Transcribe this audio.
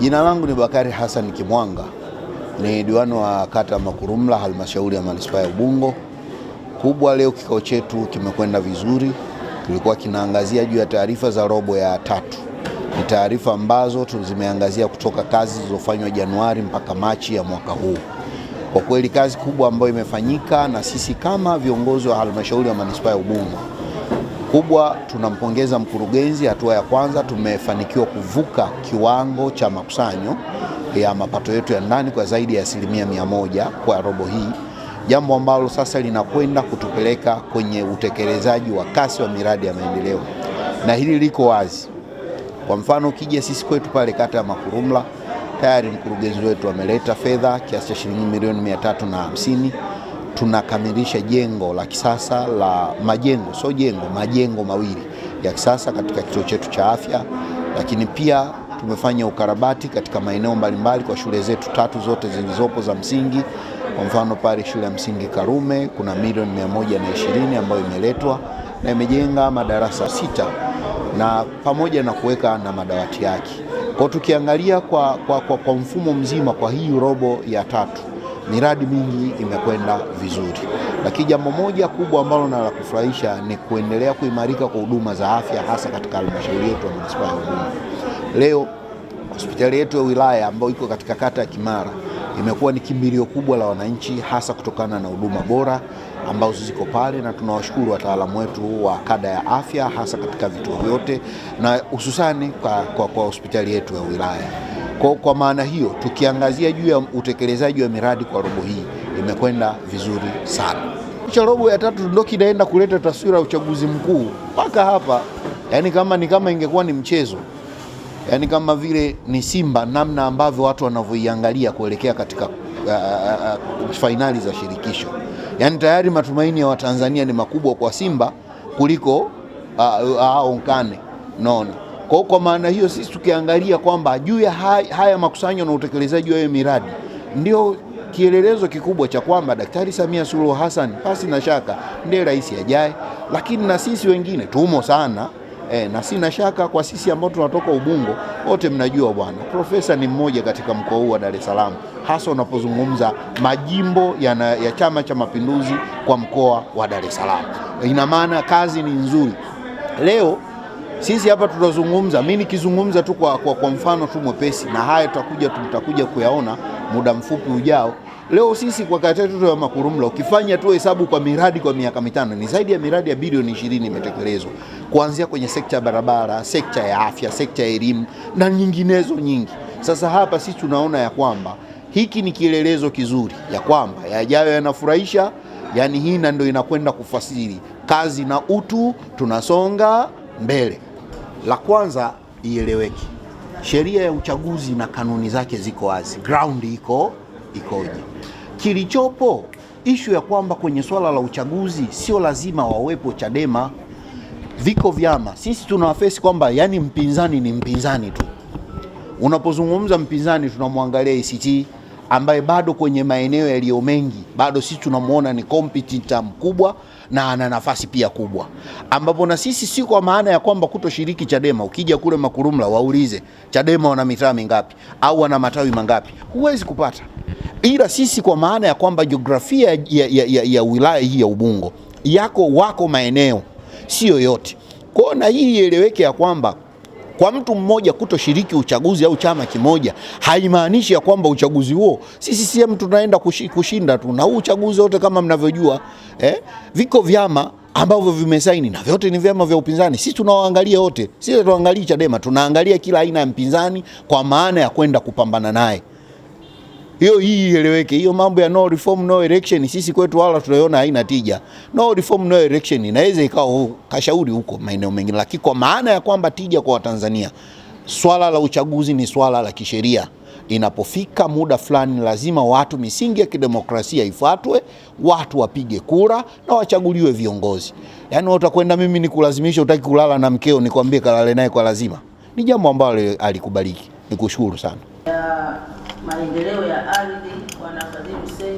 Jina langu ni Bakari Hassan Kimwanga, ni diwani wa kata Makurumla, halmashauri ya manispaa ya Ubungo. Kubwa leo kikao chetu kimekwenda vizuri, kilikuwa kinaangazia juu ya taarifa za robo ya tatu. Ni taarifa ambazo zimeangazia kutoka kazi zilizofanywa Januari mpaka Machi ya mwaka huu. Kwa kweli kazi kubwa ambayo imefanyika, na sisi kama viongozi wa halmashauri ya manispaa ya Ubungo kubwa, tunampongeza mkurugenzi. Hatua ya kwanza tumefanikiwa kuvuka kiwango cha makusanyo ya mapato yetu ya ndani kwa zaidi ya asilimia mia moja kwa robo hii, jambo ambalo sasa linakwenda kutupeleka kwenye utekelezaji wa kasi wa miradi ya maendeleo, na hili liko wazi. Kwa mfano, ukija sisi kwetu pale kata ya Makurumla tayari mkurugenzi wetu ameleta fedha kiasi cha shilingi milioni mia tatu na hamsini tunakamilisha jengo la kisasa la majengo, sio jengo, majengo mawili ya kisasa katika kituo chetu cha afya, lakini pia tumefanya ukarabati katika maeneo mbalimbali kwa shule zetu tatu zote zilizopo za msingi. Kwa mfano pale shule ya msingi Karume kuna milioni mia moja na ishirini ambayo imeletwa na imejenga madarasa sita na pamoja na kuweka na madawati yake. Kwa tukiangalia kwa, kwa, kwa, kwa mfumo mzima kwa hii robo ya tatu miradi mingi imekwenda vizuri, lakini jambo moja kubwa ambalo na la kufurahisha ni kuendelea kuimarika kwa huduma za afya, hasa katika halmashauri yetu ya manispaa ya Ubungo. Leo hospitali yetu ya wilaya ambayo iko katika kata ya Kimara imekuwa ni kimbilio kubwa la wananchi, hasa kutokana na huduma bora ambazo ziko pale, na tunawashukuru wataalamu wetu wa kada ya afya hasa katika vituo vyote na hususani kwa, kwa, kwa hospitali yetu ya wilaya. Kwa, kwa maana hiyo tukiangazia juu ya utekelezaji wa miradi kwa robo hii imekwenda vizuri sana. Cha robo ya tatu ndio kinaenda kuleta taswira ya uchaguzi mkuu mpaka hapa, yani kama ni kama ingekuwa ni mchezo, yani kama vile ni Simba namna ambavyo watu wanavyoiangalia kuelekea katika uh, uh, uh fainali za shirikisho, yani tayari matumaini ya Watanzania ni makubwa kwa Simba kuliko uh, uh, uh, onkane naona kwa hiyo kwa maana hiyo sisi tukiangalia kwamba juu ya haya makusanyo na utekelezaji wa hiyo miradi ndio kielelezo kikubwa cha kwamba Daktari Samia Suluhu Hassan pasi na shaka ndiye rais ajaye, lakini na sisi wengine tumo sana e, na sina shaka kwa sisi ambao tunatoka Ubungo wote mnajua bwana profesa ni mmoja katika mkoa huu wa Dar es Salaam, hasa unapozungumza majimbo ya, ya Chama cha Mapinduzi kwa mkoa wa Dar es Salaam. Ina maana kazi ni nzuri leo sisi hapa tunazungumza, mimi nikizungumza tu kwa, kwa, kwa mfano tu mwepesi, na haya tutakuja tutakuja kuyaona muda mfupi ujao. Leo sisi kwa kata yetu ya Makurumla ukifanya tu hesabu kwa miradi kwa miaka mitano ni zaidi ya miradi ya bilioni 20 imetekelezwa, kuanzia kwenye sekta ya barabara, sekta ya afya, sekta ya elimu na nyinginezo nyingi. Sasa hapa sisi tunaona ya kwamba hiki ni kielelezo kizuri ya kwamba yajayo yanafurahisha, yani hii ndio inakwenda kufasiri kazi na utu, tunasonga mbele. La kwanza ieleweke, sheria ya uchaguzi na kanuni zake ziko wazi, ground iko ikoje. Kilichopo ishu ya kwamba kwenye swala la uchaguzi sio lazima wawepo Chadema, viko vyama. Sisi tunawafesi kwamba yani mpinzani ni mpinzani tu, unapozungumza mpinzani tunamwangalia ACT ambaye bado kwenye maeneo yaliyo mengi bado sisi tunamwona ni competent mkubwa na ana nafasi pia kubwa, ambapo na sisi si kwa maana ya kwamba kutoshiriki Chadema. Ukija kule Makurumla waulize Chadema wana mitaa mingapi au wana matawi mangapi, huwezi kupata. Ila sisi kwa maana ya kwamba jiografia ya, ya, ya, ya wilaya hii ya Ubungo yako wako maeneo, sio yote kwao, na hii ieleweke ya kwamba kwa mtu mmoja kutoshiriki uchaguzi au chama kimoja haimaanishi ya kwamba uchaguzi huo sisi CCM tunaenda kushinda tu, na huu uchaguzi wote kama mnavyojua eh, viko vyama ambavyo vimesaini na vyote ni vyama vya upinzani. Sisi tunawaangalia wote, sisi tunaangalia Chadema, tunaangalia kila aina ya mpinzani kwa maana ya kwenda kupambana naye hiyo hii ieleweke. Hiyo mambo ya no reform no election sisi kwetu wala tunaiona haina tija. No reform no election inaweza ikawa kashauri huko maeneo mengine, lakini kwa maana ya kwamba tija kwa Watanzania, swala la uchaguzi ni swala la kisheria. Inapofika muda fulani, lazima watu, misingi ya kidemokrasia ifuatwe, watu wapige kura na wachaguliwe viongozi. Yaani utakwenda mimi nikulazimisha, utaki kulala na mkeo, nikwambie kalale naye kwa lazima, ni jambo ambalo alikubaliki. Nikushukuru sana. yeah maendeleo ya ardhi, wanafadhili